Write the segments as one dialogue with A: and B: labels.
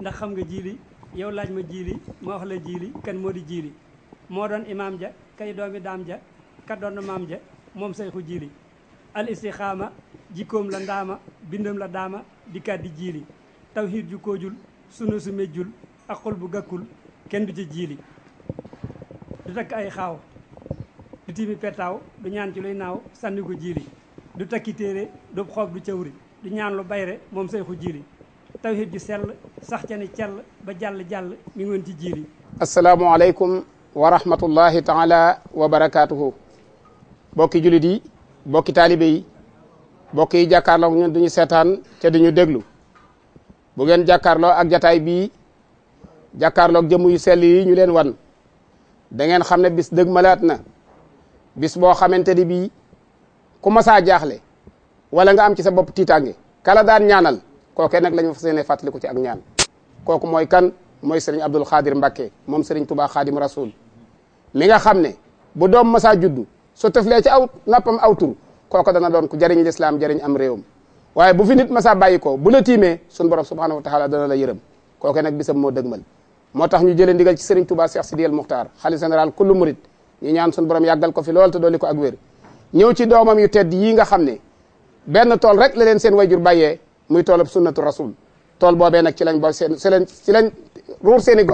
A: ndax xam nga jiili yow laaj ma jiili ma wax la jiili kan moo di jiili moo doon imaam ja kay doomi daam ja ka doon ja moom sayxu jiili al istixaama jikkoom la ndaama bindam la daama di di jiili tawxiid ju koojul sunu su mejjul ak xol bu gàkkul kenn du ci jiili du takk ay xaaw du timi petaaw du ñaan ci luy naaw sànni ko jiili du takki téere du xoob du cawri du ñaan lu bayre moom sayxu jiili tawxiid ju sell sax ca ne ba jàll jàll
B: mi taala wa barakaatuhu bokki julit yi bokki taalibe yi bokk yi jàkkaarloo ñun duñu seetaan ca duñu déglu bu ngeen jàkkaarloo ak jataay bii jàkkaarloo ak yu sell yi ñu leen wan da ngeen xam bis dëgg malaat na bis boo xamante ni bii ku masaa jaaxle wala nga am ci sa bopp tiitaange kala daan ñaanal kooke nag lañu fas ci ak ñaan kooku mooy kan mooy sëriñ Abdul Xaadir Mbakke moom sëriñ Tuubaa Xaadim Rasul mi nga xam ne bu doom masaa juddu su tëflee ci aw nappam aw tur kooku dana doon ku jëriñ lislaam jëriñ am réewam waaye bu fi nit masaa bàyyi ko bu la tiimee sun borom subhaanahu wa taala dana la yërëm kooke nag bisam moo dëgmal moo tax ñu jëlee ndigal ci sëriñ Tuubaa Seex Sidiyal Muxtaar xalifa général kullu murit ñu ñaan sun borom yàggal ko fi lool te dolli ko ak wér ñëw ci doomam yu yii nga xam ne benn tool rek la leen seen wayjur bàyyee muy toolab sunnatu rasul tool boobee nag ci lañ ba seen ci lañ ci lañ ruur seen i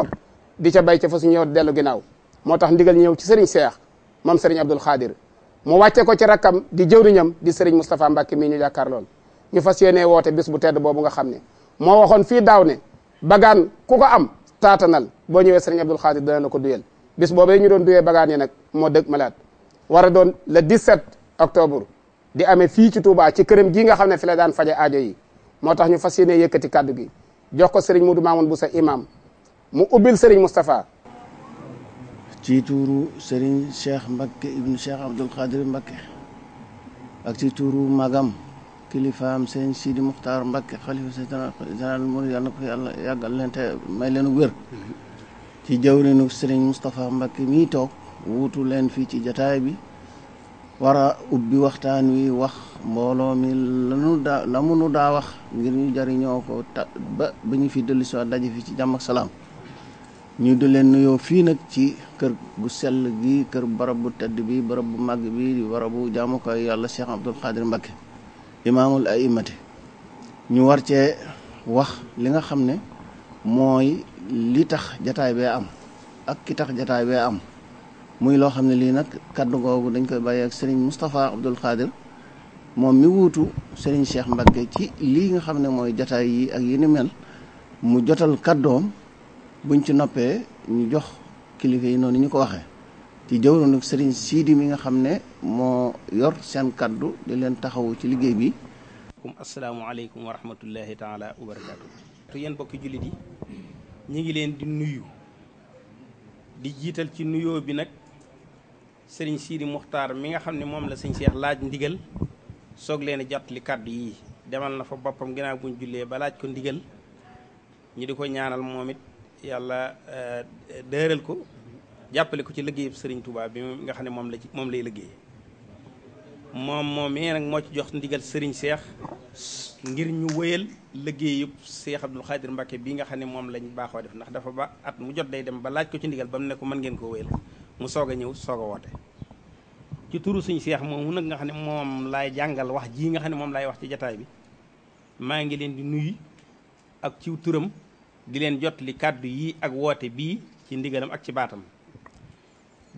B: di ca bay ca fa su ñëw dellu ginnaaw moo tax ndigal ñëw ci sëriñ Seex moom sëriñ Abdul Xaadir mu wàcce ko ci rakkam di jëwriñam di sëriñ Moustapha Mbacke mii ñu jàkkaar lool ñu fas yéenee woote bis bu tedd boobu nga xam ne moo waxoon fii daaw ne bagaan ku ko am taatanal boo ñëwee sëriñ Abdul Xaadir dana la ko duyel bis boobee ñu doon duyee bagaan yi nag moo dëgg malaat war a doon le 17 octobre di amee fii ci Touba ci këram gii nga xam ne fi la daan aajo yi moo tax ñu fas yéene yëkkati kàddu gi jox ko sëriñ Modou bu Boussa imam mu ubbil sëriñ Moustapha.
C: ci tuuru sëriñ Cheikh Mbacke ibnu Cheikh Abdoul Khadir Mbacke ak ci tuuru magam kilifaam sëriñ Sidi Muxtaar Mbacke xalifa général Mouride yàlla na ko leen te may leen wér. Mhm. ci jawrinu sëriñ Moustapha Mbacke toog wuutu leen fii ci jataay bi. war a ubbi waxtaan wi wax mbooloo mi lanu daa la daa wax ngir ñu jariñoo ko ta ba ba ñu fi dellu si waat fi ci jàmm salaam ñu di leen nuyoo fii nag ci kër gu sell gi kër barab bu tedd bi barab bu màgg bi di barabu jaamukaay yàlla Cheikh Abdoul Khadir Mbacké imaamul aimati ñu war cee wax li nga xam ne mooy li tax jataay bee am ak ki tax jataay bee am muy loo xam ne lii nag kàddu googu dañ koy bàyyi ak sëriñ Moustapha Abdoul Khadir moom mi wuutu sëriñ Cheikh Mbacke ci lii nga xam ne mooy jataay yi ak yi ni mel mu jotal kàddoom buñ ci noppee ñu jox kilifa yi noonu ñu ko waxee ci jëwru nag sëriñ Sidi mi nga xam ne moo yor seen kàddu di leen taxawu ci liggéey bi.
A: asalaamaaleykum wa rahmatullahi taala wa barakaatu. yéen bokki jullit yi ñu ngi leen di nuyu di jiital ci nuyoo bi nag. sering Sidi Muxtaar mi nga xam mom la sëñ Cheikh laaj ndigal soog leen jottali kaddu yi demal na fa bopam ginnaaw buñ julle ba laaj ko ndigal ñi diko ñaanal momit yalla euh, deeral ko jappale ko ci liggey sëriñ Touba bi nga xam mom la ci moom lay liggey mom moom mii nag moo ci jox ndigal sëriñ Cheikh ngir ñu liggey yu Cheikh Abdoul Khadir mbake bi nga xam mom lañ baxo def ndax dafa ba at mu jot day dem ba laaj ko ci ndigal bam ne ko man ngeen ko wëyel mu soog a ñëw soog woote ci turu suñ seex moomu nag nga xam ne moom laay jàngal wax jii nga xam ne moom laay wax ci jataay bi maa ngi leen di nuyu ak ciw turam di leen jot li kàddu yii ak woote bii ci ndigalam ak ci baatam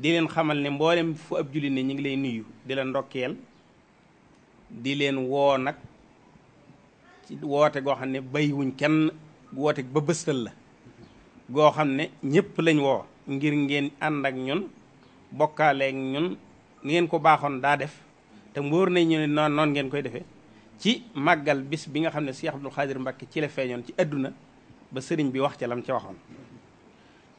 A: di leen xamal ne mboolem fu ab jullit ne ñu ngi lay nuyu di la ndokkeel di leen woo nag ci woote goo xam ne bayiwuñ kenn woote ba bëstal la goo xam ne ñëpp lañ woo ngir ngeen ànd ak ñun bokkaale ñun ngeen ko baaxoon daa def te mbóor nañ ñu ne noon ngeen koy defee ci màggal bis bi nga xam ne Cheikh Abdoul Khadir Mbacké ci la feeñoon ci àdduna ba sëriñ bi wax ca lam ca waxoon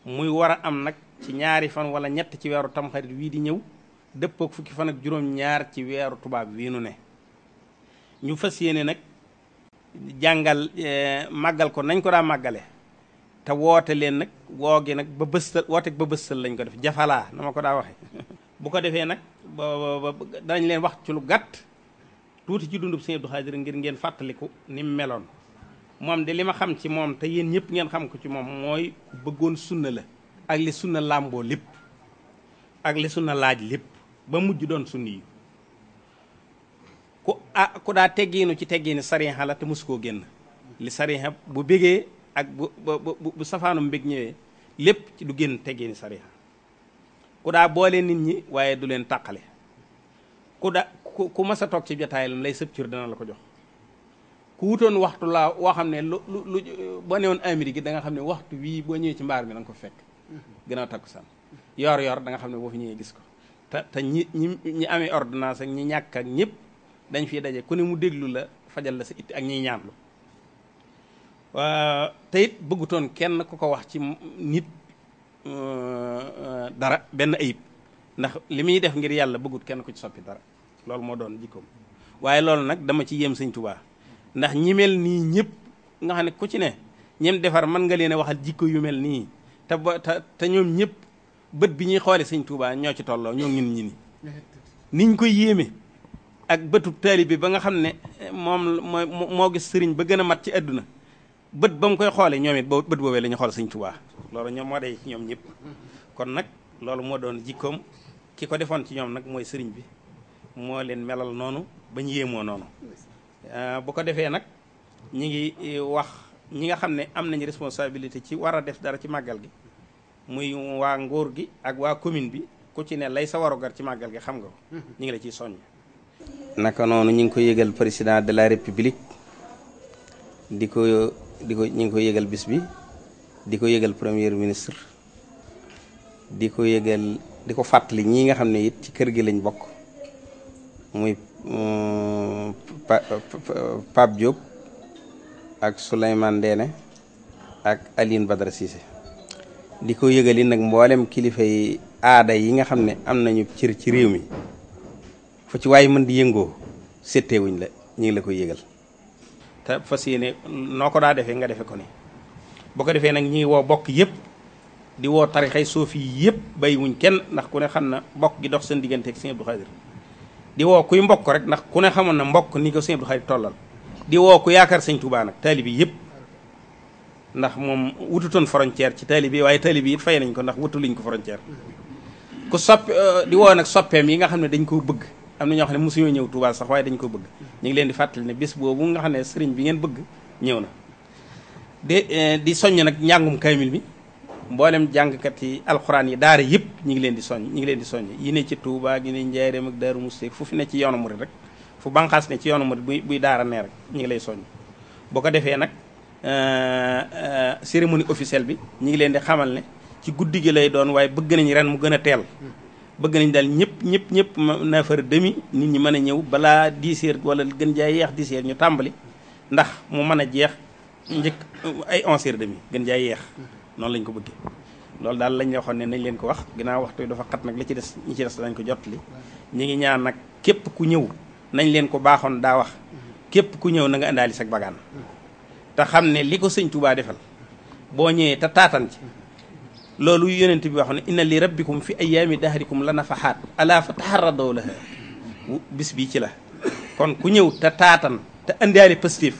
A: muy war a am nag ci ñaari fan wala ñett ci weeru tamxarit wii di ñëw dëppook fukki fan ak juróom-ñaar ci weeru tubaab wii nu ne ñu fas yéene nag jàngal eh, màggal ko nañ ko daa màggale te woote leen nag woo gi nag ba bëstal woote ba bëstal lañ ko def jafalaa na ma ko daa waxe bu ko defee nag ba leen wax ci lu gàtt tuuti ci dundub Sëñ Abdou Khadre ngir ngeen fàttaliku ni mu meloon moom de li ma xam ci moom te yéen ñëpp ngeen xam ko ci moom mooy bëggoon sunna la ak li sunna làmboo lépp ak li sunna laaj lépp ba mujj doon sunni yu ku ah ku daa teggiinu ci teggiini sariha la te mosu koo génn li sariha bu bégee ak bu bu bu safaanu mbég ñëwee ci du genn teggee ni ku daa boole nit ñi waaye du len takalé ku da ku ma sa a ci jotaay lam lay sepp cir dana la ko jox ku wutoon waxtu la wo xamné lu lu lu boo newoon amiri gi da nga xamné waxtu wi bo ñewé ci mbar mi nang ko fekk gënaaw takkusaan yor yor da nga xamné bo fi ñewé gis ko ta ta ñi ñi amé ordonnance ak ñi ñak ak ñëpp dañ fi dajé ku ne mu déglu la fajal la sa itti ak ñi ñaanlu Euh, te it bëggutoon kenn ku ko wax ci nit euh, euh, dara benn ayib ndax li muy def ngir yàlla bëggut kenn ku ci soppi dara loolu moo doon jikkoom waaye loolu nag dama ci yéem sëñ Tuubaa ndax ñi mel nii ñëpp nga xam ne ku ci ne ñem defar mën nga leen a waxal jikko yu mel nii te ba te ñoom ñëpp bët bi ñuy xoole sëñ Tuubaa ñoo ci tolloo ñoo ñun ñi ni niñ koy yéeme ak bëtub taali bi ba nga xam ne moom moo moo gis sëriñ ba gën a mat ci àdduna bët bam koy xolé ñoom it bët boobee la ñu xool sëñ Tuubaa loolu ñoom moo dee ci ñoom ñëpp kon nak loolu mo doon jikkoom kiko defon ci ñom nak moy sëriñ bi mo leen melal nonu bañ yémo nonu euh bu ko défé nak ñi ngi e, wax ñi nga xamné am nañ responsabilité ci wara def dara ci magal gi muy wa ngor gi ak wa commune bi ku ci ne lay sa gar ci magal gi xam nga mm-hmm. ñi ngi la ci soñ naka nonu ñu ngi ko yégal président de la république di di ko ñu ngi koy yëgal bis bi di ko yëgal première ministre di ko yëgal di ko fàttali ñii nga xam ne it ci kër gi lañ bokk muy euh, Pape Diop ak Souleymane Ndéné ak Aline Badara Cissé di ko yëgal it nag mboolem kilifa yi aada yi nga xam ne am nañu cër ci réew mi fu ci waaye mën di yëngoo sétteewuñ la ñu ngi la koy yëgal te fas yéene noo ko daa defee nga defe ko ni boo ko defee nag ñiy woo bokk yëpp di woo tarixay suufi yëpp bay wuñ kenn ndax ku ne xam na mbokk gi dox seen digganteek ak sëñ Abdou di woo kuy mbokk rek ndax ku ne xamoon na mbokk ni ko sëñ Abdou Khadir tollal di woo ku yaakaar sañ Touba nag taalibi yëpp ndax moom wututoon frontière ci taalibi waaye taalibi it fay nañ ko ndax wutu liñ ko frontière ku sopp euh, di woo nag soppeem yi nga xam ne dañ koo bëgg am na ñoo xam ne mosuñoo ñëw Touba sax waaye dañ ko bëgg ñu ngi leen di fàttali ne bis boobu nga xam ne sëriñ bi ngeen bëgg ñëw na de eh, di soññ nag njàngum kaamil bi mboolem jàngkat yi alxuraan yi daara yëpp ñu ngi leen di soññ ñu ngi leen di soññ yi ne ci Touba yi ne Njaaréem ak Daaru Musti fu fi ne ci yoonu murid rek fu banqaas ne ci yoonu murid buy buy daara nee rek ñu ngi lay soññ boo ko defee nag eh, eh, cérémonie officielle bi ñu ngi leen di xamal ne ci guddi gi lay doon waaye bëgg nañu ren mu gën a teel bëgg nañ dal ñëpp ñëpp ñëpp neuf heures demi nit ñi mën a ñëw balaa dix heures wala gën jaay yeex dix heures ñu tàmbali ndax mu mën a jeex njëkk ay onze heures demi gën jaay yeex noonu lañ ko bëggee loolu daal lañ la waxoon ne nañ leen ko wax ginnaaw waxtu yi dafa xat nag la ci des ñi ci des dañ ko jottali ñi ngi ñaan nag képp ku ñëw nañ leen ko baaxoon daa wax képp ku ñëw na nga indaali sag bagaan te xam ne li ko sëñ Tuubaa defal boo ñëwee te taatan ci loolu yonent bi wax ne inna li rabbikum fi ayaami dahrikum la nafaxaat alaa fa taxaradoo la bis bii ci la kon ku ñëw te taatan te andaale positif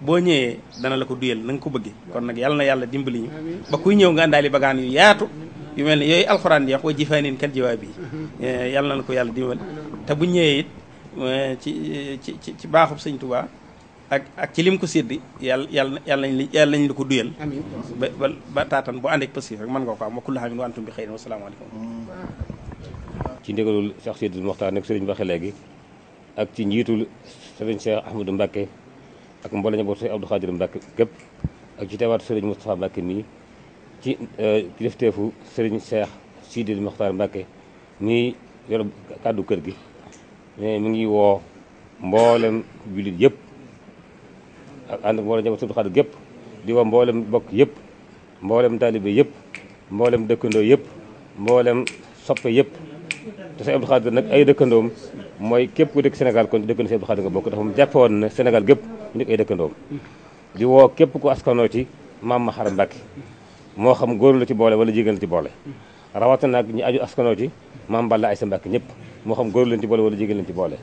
A: boo ñëwee dana la ko duyal na ko bëggee kon nag yàlla na yàlla dimbali ñu ba kuy ñëw nga andaale bagaan yu yaatu yu mel ne yooyu alxuraan di wax wa jifaanin kan jiwaab eh, yi na la ko yàlla dimbali te bu ñëwee it eh, ci ci ci baaxub sëñ ak ak ci lim ko séddi yàlla yàlla yàlla nañ yàlla nañ la ko duyal. amiin ba ba ba taatan bu ànd ak pasif rek mën nga ko am wa kullu aamin wa antum bi xayrin wa salaamaaleykum. Mm.
D: ci ndigalul Cheikh Sidil Mokhtar nag sëriñ ak ci njiitul sëriñ Cheikh Ahmadou Mbacke ak mboolem njabootu Abdou képp ak ci teewaatu sëriñ Moustapha Mbacke mii ci kilifteefu euh, sëriñ Cheikh Sidil Mokhtar Mbacke nii yor kàddu kër gi mais mi ngi woo mboolem jullit yëpp. ak ànd ak mboolem njabootu Abdou Khadr gépp di woo mboolem bokk yëpp mboolem taalibe yëpp mboolem dëkkandoo yëpp mboolem soppe yëpp te Sëñ Abdou Khadr nag ay dëkkandoom mooy képp ku dëkk Sénégal kon dëkk na Sëñ Abdou Khadr bokk dafa mu woon ne Sénégal gépp ñu nekk ay dëkkandoom di woo képp ku askanoo ci maam ma xaram Mbàkke moo xam góor la ci boole wala jigéen la ci boole rawat nag ñu aju askanoo ci maam Balla Aysa Mbàkke ñëpp moo xam góor lañ ci boole walla jigéen ci boole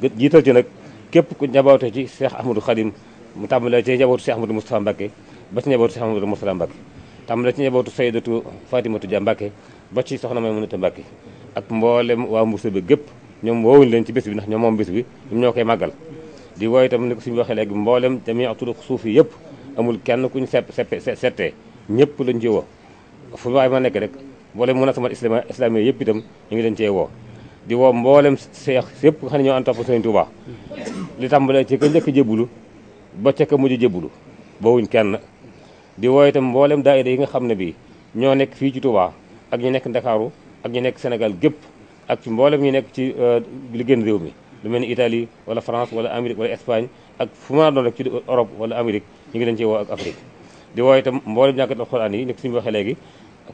D: jiital ci nag képp ku njaboote ci Cheikh Ahmadou Khadim mu tàmbalee ci njabootu Cheikh Ahmadou Moustapha Mbacké ba ci njabootu Cheikh Ahmadou Moustapha Mbacké tàmbalee ci njabootu Sayyidatu Fatimatu Dia Mbacké ba ci soxna may Munata Mbacké ak mboolem waa Mbuusa bi gépp ñoom wuñ leen ci bés bi ndax ñoom moom bés bi ñoom ñoo koy màggal di wooy tam ni ko si suñu waxee léegi mboolem jamii turuq suufi yëpp amul kenn ku sepp seppe settee ñëpp lañ ci woo fu waaye ma nekk rek mboolem munasamat islamiya yëpp itam ñu ngi leen cee woo di woo mboolem seex sépp nga xam ne ñoo an topp li tàmbalee ci ka njëkk jébbalu ba ca ka mujj jébbalu bawuñ kenn di woo itam mboolem daayira yi nga xam ne bii ñoo nekk fii ci Tuubaa ak ñu nekk Ndakaaru ak ñu nekk Sénégal gépp ak ci mboolem ñu nekk ci euh, li réew mi lu mel ni Italie wala France wala Amérique wala Espagne ak fu mën a doon rek ci Europe wala Amérique ñu ngi leen ci woo ak Afrique di wooy tam mboolem jàngat alxuraan yi nekk suñu waxee léegi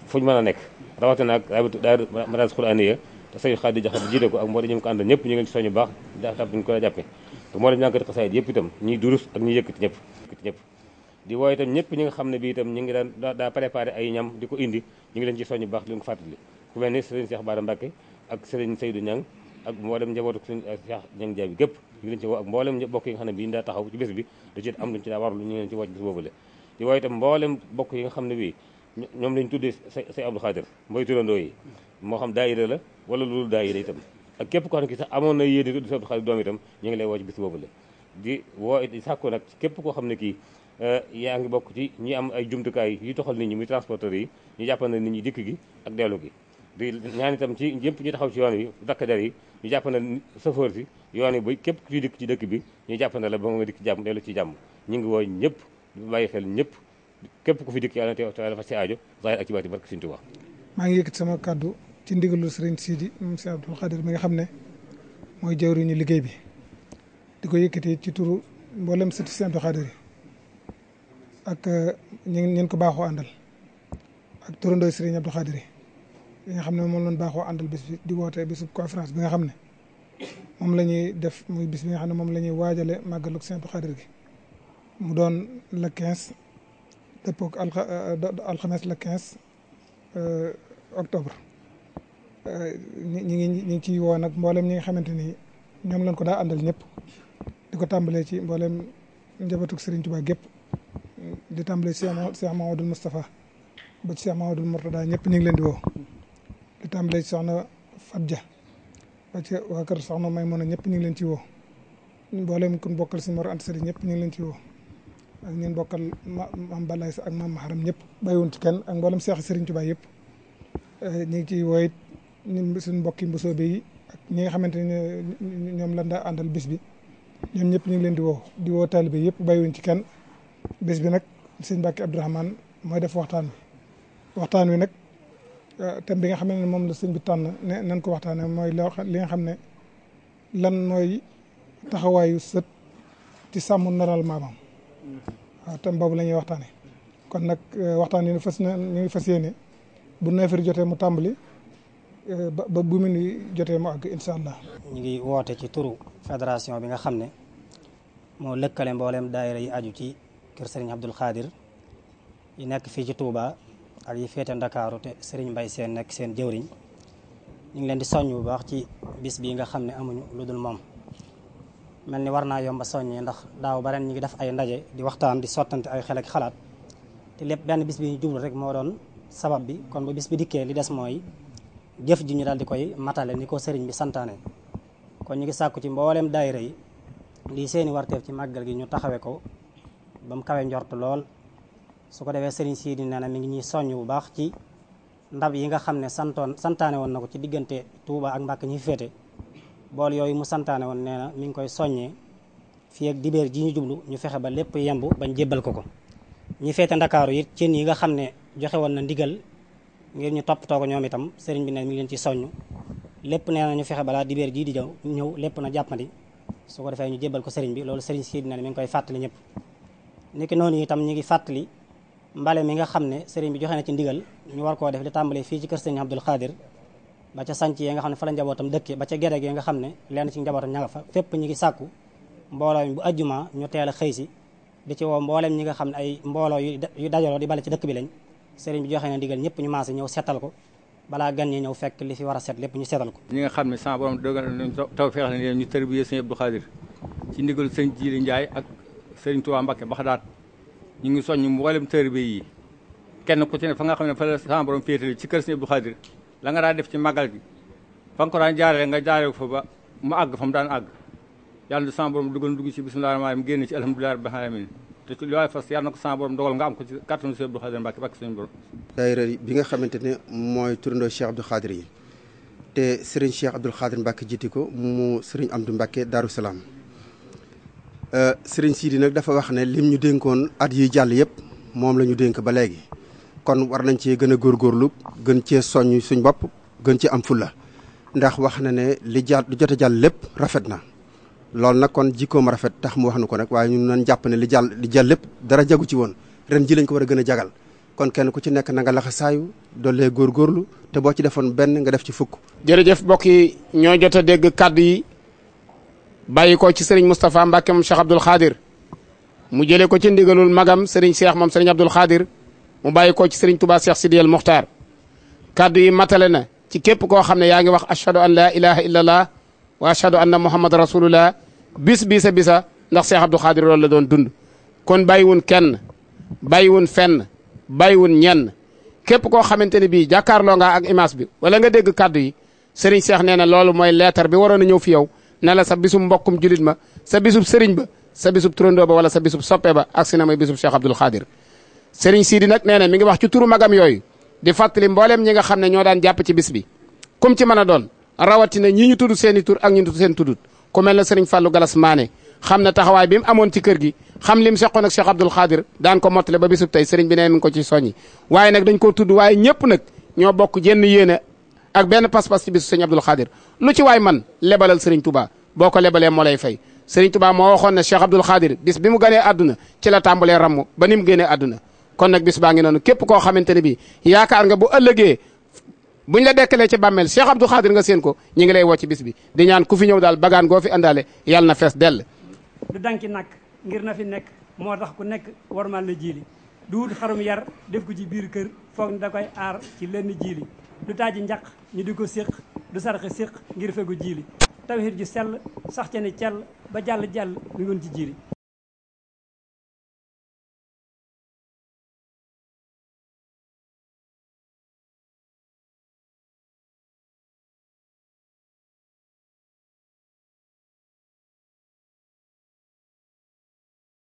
D: fuñu mën a nekk rawatina ak daayira madaris xuraan te sëñ Xaadi Jaxate jiite ko ak mboolem ñi mu ko àndal ñu ngi moo la ñàkkati xasaayit yëpp itam ñuy durus ak ñuy yëkkati ñëpp ñëpp ñëpp ñi nga xam ne bi itam ñu ngi daan daa préparé ay ñam di ko indi ñu ngi leen ci soñu baax di leen ko fàttali ku mel ni sëriñ Cheikh Bara Mbacké ak sëriñ Seydou Niang ak mboolem njabootu sëriñ Cheikh Niang Jaay bi gépp bokk yi nga xam ne bi ñu daa taxaw ci bés bi da ci am luñ ci daa warlu bokk yi nga xam ne bii ñoom lañu tuddee sëñ Abdou Khadir mooy turandoo yi moo xam daayira la wala loolu daayira itam ak képp koo xam ne ki sax amoon na yéene tudd sëñ Abdou Khadir ñu ngi lay woo ci boobu la di woo it sàkku képp koo xam ne kii euh, yaa ngi bokk ci ñi am ay jumtukaay yu toxal nit ñi muy transporteur yi ñu jàppandal nit ñi dikk gi ak dellu gi di ñaan tam ci ñëpp ñu taxaw ci yoon yi dakk der yi ñu jàppandal chauffeur si yoon yi ba képp kuy dikk ci dëkk bi ñu jàppandal la ba nga dikk jàmm dellu ci jàmm ñu ngi woo ñëpp bàyyi xel ñëpp képp ku fi dikk yàlla teew dafa si aajo zahir ak ci barke Sëriñ
E: maa ngi yëkkat sama kàddu ci ndigalul Sëriñ Sidi moom Sëriñ Abdul Xaadir mi nga xam ne mooy jawriñu liggéey bi di ko yëkkati ci turu mboolem sëti Sëriñ Abdul Xaadir yi ak euh, ñeen ko baaxoo àndal ak turandooy Sëriñ Abdul nga xam ne moom lañ baaxoo àndal bi di woote bisub conférence bi nga xam ne moom la ñuy def muy bis bi xam ne moom la ñuy waajale màggalug Sëriñ Abdul Xaadir gi mu doon le quinze dëppoog äh, äh, alxames la quinze äh, octobre ñi ngi ñi ci ciy woo nag mboolem ñi nga xamante ni ñoom lañ ko daa àndal ñëpp di ko tàmbalee ci mboolem njabatug Serigne Touba gépp di tàmbalee Cheikh Cheikh mustapha ba Cheikh Mahamadul murtada ñëpp ñi ngi leen di woo di tàmbalee ci soxna Fadja ba ci waa kër soxna Maymuna ñëpp ñi ngi leen ci woo mboolem kun bokkal si Mor ant Sali ñëpp ñi ngi leen ci woo ak ñeen bokkal maam Balaye ak maam Maharam ñëpp bàyyiwuñ ci kenn ak mboolem seex Serigne Touba yëpp eh, ñu ngi ciy wooy ñun suñu mbokki mbosoobe bi ak ñi nga xamante ne ñoom lan daa àndal bis bi ñoom ñëpp ñu ngi leen di woo di woo taalibe yëpp bàyyiwuñ ci kenn bis bi nag sëñ Mbàkke Abdourahmane mooy def waxtaan wi waxtaan wi nag eh, thème bi nga xam ne moom la sëñ bi tànn ne nan ko waxtaanee mooy li nga xam ne lan mooy taxawaayu sët ci sàmm naral maamam waaw tam lañuy la waxtaane kon nag euh, waxtaan yi fas na ñu ngi fas yéene bu neefar jotee mu tàmbali euh, ba ba bu mun jotee mu àgg incha allah.
F: ñu ngi woote ci turu fédération bi nga xam ne moo lëkkale mboolem daayira yi aju ci kër Serigne Abdoul Khadir yi nekk fii ci Touba ak yi féete Ndakaaru te Serigne Mbaye seen nekk seen jëwriñ ñu ngi leen di soññ bu ci bis bii nga xam ne amuñu lu moom. mel ni war naa yomba soññee ndax daaw ba ren ñu ngi def ay ndaje di waxtaan di sottante ay xel ak xalaat te lépp benn bis bi ñu jublu rek moo doon sabab bi kon bu bis bi dikkee li des mooy jëf ji ñu daal di koy matale ni ko sëriñ bi santaane kon ñu ngi sàkku ci mbooleem daayira rey lii seeni warteef ci màgget gi ñu taxawee ko ba mu kawe njort lool su ko defee sëriñ sii di nee na mi ngi ñuy soññ bu baax ci ndab yi nga xam ne santoon santaane woon na ko ci diggante Touba ak Mbàkke féete bool yooyu mu santaane woon nee na mi ngi koy soññee fii ak dibeer ji ñu jublu ñu fexe ba lépp yemb bañ jébbal ko ko ñi feete ndakaaru it cin yi nga xam ne joxe woon na ndigal ngir ñu topp ko ñoom itam sëriñ bi ne mi ngi leen ci soññ lépp nee na ñu fexe balaa dibeer jii di jaw ñëw lépp na jàppandi su ko defee ñu jébbal ko sëriñ bi loolu sëriñ si dina ne mi koy fàttali ñëpp niki noonu itam ñu ngi fàttali mbale mi nga xam ne sëriñ bi joxe na ci ndigal ñu war koo def li tàmbale fii ci kër sëriñ Abdul Xaadir ba ca sanc yi nga xam ne fa la jabootam dëkke ba ca gere gi nga xam ne leen ci njabootam ña nga fa fépp ñi ngi sàkku mbooloo mi bu ajjuma ñu teel xëy si di ci woo mbooleem ñi nga xam ne ay mbooloo yu dajaloo di bale ci dëkk bi lañ sëriñ bi joxe na ñëpp ñu maase ñëw seetal ko balaa gan ñi ñëw fekk li fi war a lépp ñu seetal ko
A: ñi nga xam ne sama borom dogal nañ taw feex leen ñu tërbiyee sëñ Abdou Khadir ci ndigal sëñ Jili Njaay ak sëriñ Tuubaa Mbakke Baxdaat ñu ngi soññ mboolem tërbiye yi kenn ku ci ne fa nga xam ne fa la sama borom féetale ci kër sëñ Abdou la nga daan def ci màggal gi fa ko daan jaaree nga jaaree fa ba mu àgg fa mu daan àgg yàlla na sama borom dugal dugg ci bisimilah rahmaani rahim génn ci alhamdulilah rabbil alamin te li waay fas yàlla na ko sama borom nga am ko ci kàttanu Cheikh Abdou Khadir Mbacke bàkk suñu borom. daayira bi nga xamante ne mooy turandoo Cheikh Abdou Khadir te Serigne Cheikh Abdou Khadir Mbacke jiite ko mu Serigne Amdou Mbacke Darou Salaam euh, Serigne Sidi nag dafa wax ne lim ñu dénkoon at yi jàll yëpp moom la ñu dénk ba léegi. kon war nañ ci gën a góorlu gën cee soññ suñ bopp gën ci am fulla ndax wax na ne li jàll li jot jàll lépp rafet na loolu nag kon jikkoom rafet tax mu wax nu ko nag waaye ñun nañ jàpp ne li jàll li jàll lépp dara jagu ci woon ren ji lañ ko war a gën a jagal kon kenn ku ci nekk na nga laxa saayu góor góorlu te
B: boo ci defoon benn nga def ci fukk. jërëjëf mbokk yi ñoo jot dégg kàddu yi bàyyi ko ci sëriñ Moustapha Mbacke moom Cheikh Abdoul Khadir mu jële ko ci ndigalul magam sëriñ Cheikh moom sëriñ Abdoul Khadir mu bàyyi ko ci serigne touba cheikh sidiel muxtaar kàddu yi matale na ci kep ko xamne yaangi wax ashhadu an la ilaha illa allah wa ashhadu anna muhammad rasulullah bis bisa bisa ndax cheikh abdou khadir lol la don dund kon bàyyiwun kenn bàyyiwun fenn bàyyiwun ñenn képp koo xamante ne bii jàkkaarloo nga ak image bi wala nga deg kàddu yi serigne cheikh neena na moy lettre bi warona ñëw fi yow ne la sa bisum mbokum julit ma sa bisub serigne ba sa bisub trondo ba wala sa bisub soppe ba ak si na mooy bisub seex abdul Serigne Sidi nak neena mi ngi wax ci turu magam yoy di fatali mbollem ñi nga xamne ne ñoo daan jàpp ci bis bi kum ci mën doon rawati na ñi ñu tuddu seen i tur ak ñu tuddu seen tudut ku mel na Serigne fallu Galas Mané xamna taxaway bi mu amoon ci kër gi xam lim sekkon ak Cheikh Abdoul Khadir daan ko motale ba bisub tay Serigne bi neen ko ci soñi waye nak dañ ko tuddu waye ñëpp nak ñoo bokk jenn yene ak benn pass pass ci bisu Serigne Abdoul Khadir lu ci waay man lebalal Serigne Touba boko lebalé mo lay fay Serigne Touba mo waxoon ne Cheikh Abdoul Khadir bis bi mu gane aduna ci la tambalé ramm ba nim gëné aduna kon nag bis baa ngi noonu képp koo xamante ne bii yaakaar nga bu ëllëgee buñ la dekkalee ci bàmmeel Cheikh Abdou Khadir nga seen ko ñi ngi lay woo ci bis bi di ñaan ku fi ñëw daal bagaan goo fi àndaale yàlla na fees dell
F: du danki nag ngir na fi nekk moo tax ku nekk war ma la
A: jiili du wut xarum yar def ko ci biir kër foog ni da koy aar ci lenn jiili du
F: taaji njaq ñu di ko séq du sarxe séq ngir fegu jiili tawhid ju sell sax ca ne cell ba jàll jàll mi ci jiili